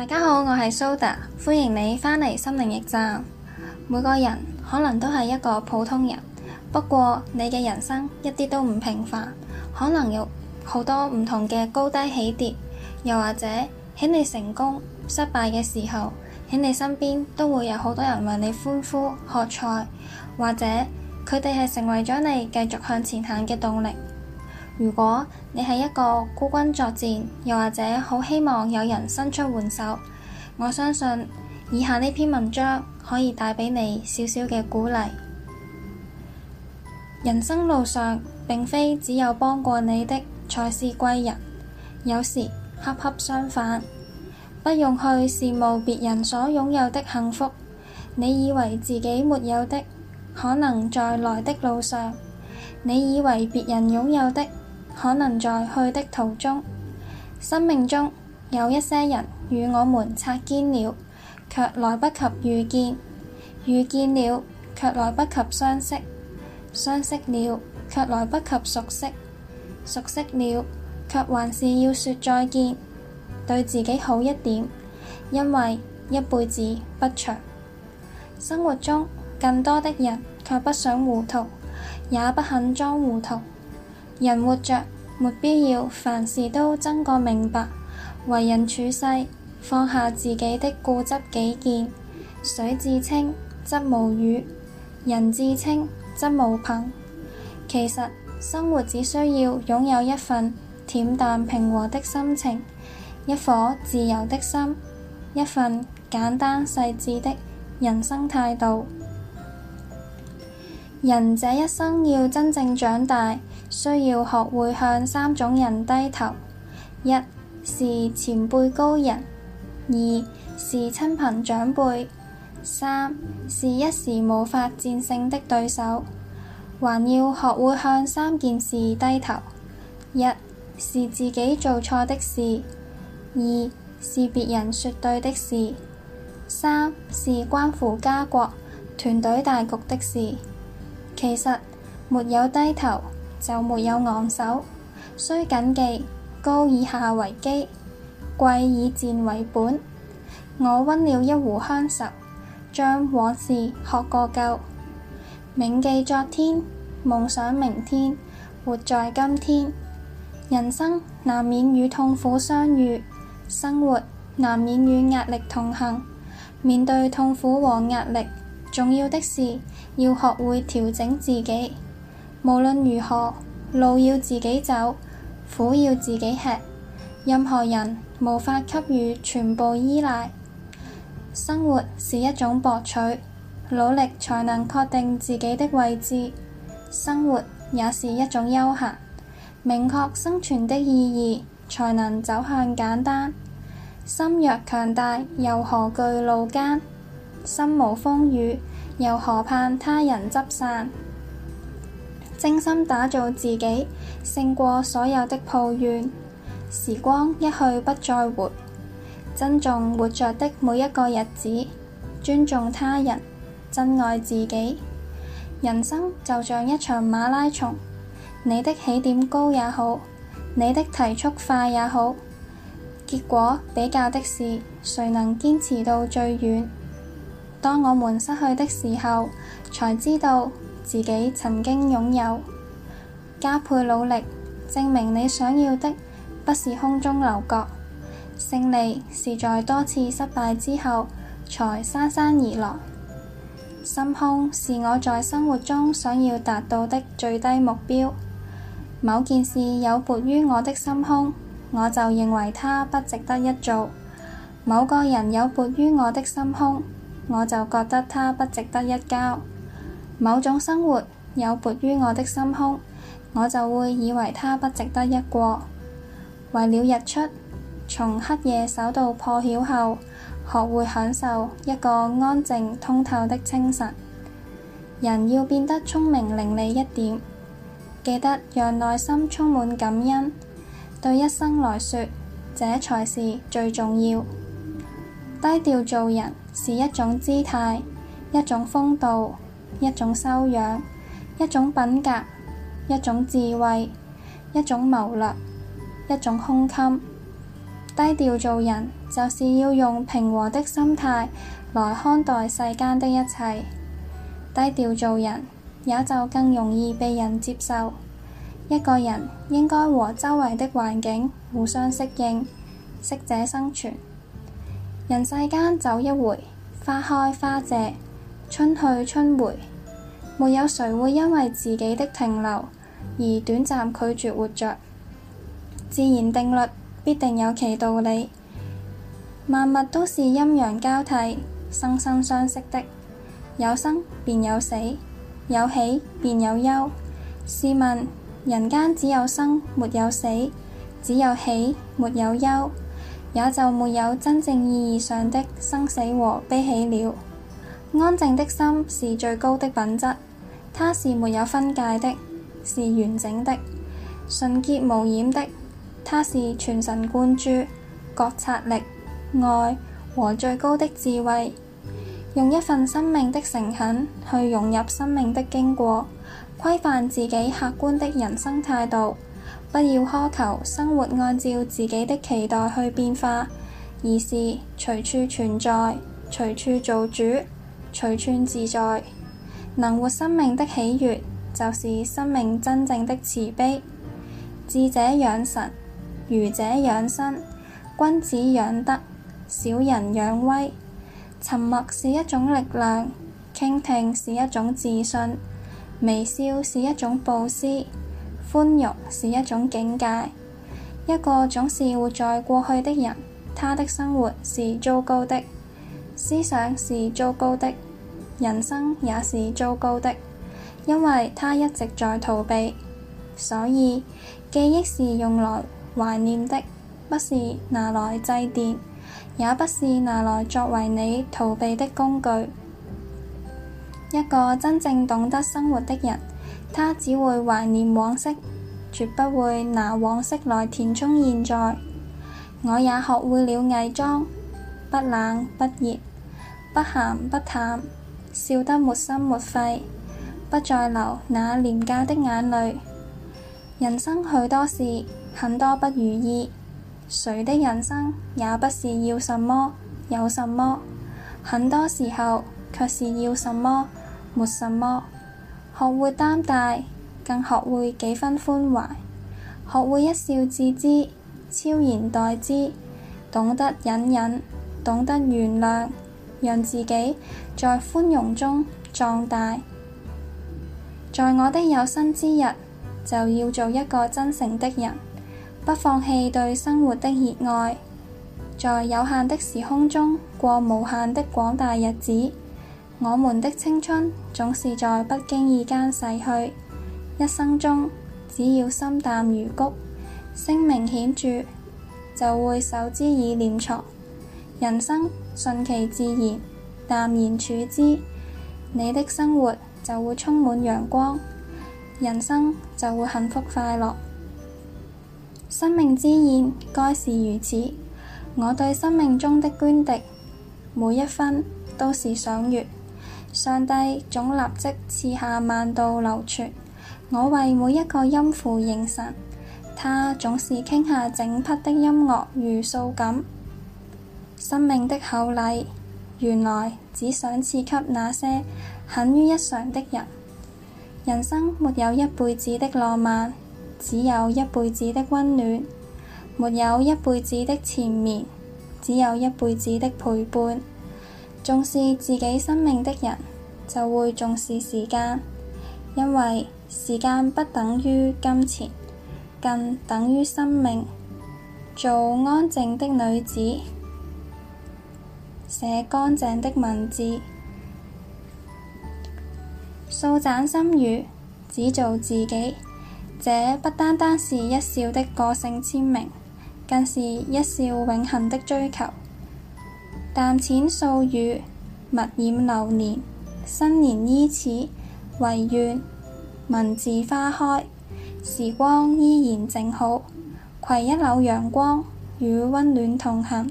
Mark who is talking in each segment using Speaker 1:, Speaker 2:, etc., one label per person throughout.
Speaker 1: 大家好，我係 Soda，歡迎你返嚟心靈驛站。每個人可能都係一個普通人，不過你嘅人生一啲都唔平凡。可能有好多唔同嘅高低起跌，又或者喺你成功、失敗嘅時候，喺你身邊都會有好多人為你歡呼喝彩，或者佢哋係成為咗你繼續向前行嘅動力。如果你係一個孤軍作戰，又或者好希望有人伸出援手，我相信以下呢篇文章可以帶畀你少少嘅鼓勵。人生路上並非只有幫過你的才是貴人，有時恰恰相反。不用去羨慕別人所擁有的幸福，你以為自己沒有的，可能在來的路上，你以為別人擁有的，可能在去的途中，生命中有一些人與我們擦肩了，卻來不及遇見；遇見了，卻來不及相識；相識了，卻來不及熟悉；熟悉了，卻還是要說再見，對自己好一點，因為一輩子不長。生活中更多的人卻不想糊塗，也不肯裝糊塗。人活着沒必要凡事都爭個明白，為人處世放下自己的固執己見。水至清則無魚，人至清則無朋。其實生活只需要擁有一份恬淡平和的心情，一顆自由的心，一份簡單細緻的人生態度。人這一生要真正長大。需要學會向三種人低頭，一是前輩高人，二是親朋長輩，三是一時無法戰勝的對手。還要學會向三件事低頭，一是自己做錯的事，二是別人說對的事，三是關乎家國團隊大局的事。其實沒有低頭。就沒有昂首，需謹記高以下為基，貴以賤為本。我温了一壺香十，將往事學個夠，銘記昨天，夢想明天，活在今天。人生難免與痛苦相遇，生活難免與壓力同行。面對痛苦和壓力，重要的是要學會調整自己。無論如何，路要自己走，苦要自己吃。任何人無法給予全部依賴。生活是一種博取，努力才能確定自己的位置。生活也是一種休閒，明確生存的意義，才能走向簡單。心若強大，又何懼路艱？心無風雨，又何盼他人執傘？精心打造自己，勝過所有的抱怨。時光一去不再回，珍重活着的每一個日子，尊重他人，珍愛自己。人生就像一場馬拉松，你的起點高也好，你的提速快也好，結果比較的是誰能堅持到最遠。當我們失去的時候，才知道。自己曾經擁有，加倍努力，證明你想要的不是空中樓閣。勝利是在多次失敗之後才姍姍而來。心胸是我在生活中想要達到的最低目標。某件事有悖於我的心胸，我就認為它不值得一做。某個人有悖於我的心胸，我就覺得他不值得一交。某種生活有悖於我的心胸，我就會以為它不值得一過。為了日出，從黑夜守到破曉後，學會享受一個安靜通透的清晨。人要變得聰明伶俐一點，記得讓內心充滿感恩，對一生來說，這才是最重要。低調做人是一種姿態，一種風度。一種修養，一種品格，一種智慧，一種謀略，一種胸襟。低調做人，就是要用平和的心態來看待世間的一切。低調做人，也就更容易被人接受。一個人應該和周圍的環境互相適應，適者生存。人世間走一回，花開花謝。春去春回，沒有誰會因為自己的停留而短暫拒絕活着。自然定律必定有其道理，萬物都是陰陽交替、生生相息的。有生便有死，有喜便有憂。試問，人間只有生沒有死，只有喜沒有憂，也就沒有真正意義上的生死和悲喜了。安靜的心是最高的品質，它是沒有分界的，是完整的、純潔無染的。它是全神貫注、覺察力、愛和最高的智慧。用一份生命的誠懇去融入生命的經過，規範自己客觀的人生態度，不要苛求生活按照自己的期待去變化，而是隨處存在，隨處做主。隨處自在，能活生命的喜悅，就是生命真正的慈悲。智者養神，愚者養身，君子養德，小人養威。沉默是一種力量，傾聽是一種自信，微笑是一種佈施，寬容是一種境界。一個總是活在過去的人，他的生活是糟糕的。思想是糟糕的，人生也是糟糕的，因為它一直在逃避。所以記憶是用來懷念的，不是拿來祭奠，也不是拿來作為你逃避的工具。一個真正懂得生活的人，他只會懷念往昔，絕不會拿往昔來填充現在。我也學會了偽裝，不冷不熱。不咸不淡，笑得沒心沒肺，不再流那廉價的眼淚。人生許多事，很多不如意，誰的人生也不是要什麼有什麼，很多時候卻是要什麼沒什麼。學會擔待，更學會幾分寬懷，學會一笑置之，悄然待之，懂得隱忍，懂得原諒。讓自己在寬容中壯大，在我的有生之日，就要做一個真誠的人，不放棄對生活的熱愛。在有限的時空中過無限的廣大日子。我們的青春總是在不經意間逝去，一生中只要心淡如菊，聲名顯著，就會手之以念牀，人生。順其自然，淡然處之，你的生活就會充滿陽光，人生就會幸福快樂。生命之宴該是如此。我對生命中的涓滴，每一分都是賞月。上帝總立即賜下萬道流泉，我為每一個音符凝神，他總是傾下整匹的音樂如素錦。生命的厚禮，原來只想賜給那些肯於一嘗的人。人生沒有一輩子的浪漫，只有一輩子的溫暖；沒有一輩子的纏綿，只有一輩子的陪伴。重視自己生命的人，就會重視時間，因為時間不等於金錢，更等於生命。做安靜的女子。寫乾淨的文字，數盞心語，只做自己。這不單單是一笑的個性簽名，更是一笑永恆的追求。淡淺素語，默染流年。新年伊始，唯願文字花開，時光依然靜好，攜一縷陽光與温暖同行，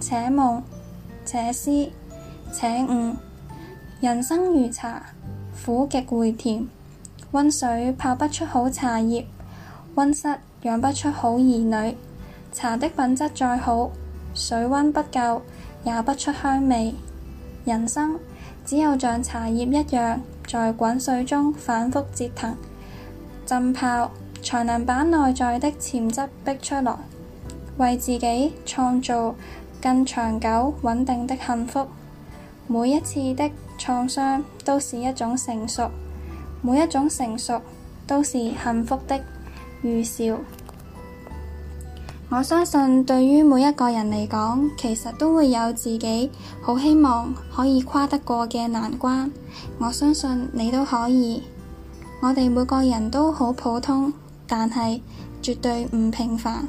Speaker 1: 且夢。且思且悟，人生如茶，苦極回甜。温水泡不出好茶葉，温室養不出好兒女。茶的品質再好，水温不夠，也不出香味。人生只有像茶葉一樣，在滾水中反覆折騰，浸泡，才能把內在的潛質逼出來，為自己創造，更長久穩定的幸福。每一次的創傷都是一種成熟，每一種成熟都是幸福的預兆。我相信對於每一個人嚟講，其實都會有自己好希望可以跨得過嘅難關。我相信你都可以。我哋每個人都好普通，但係絕對唔平凡。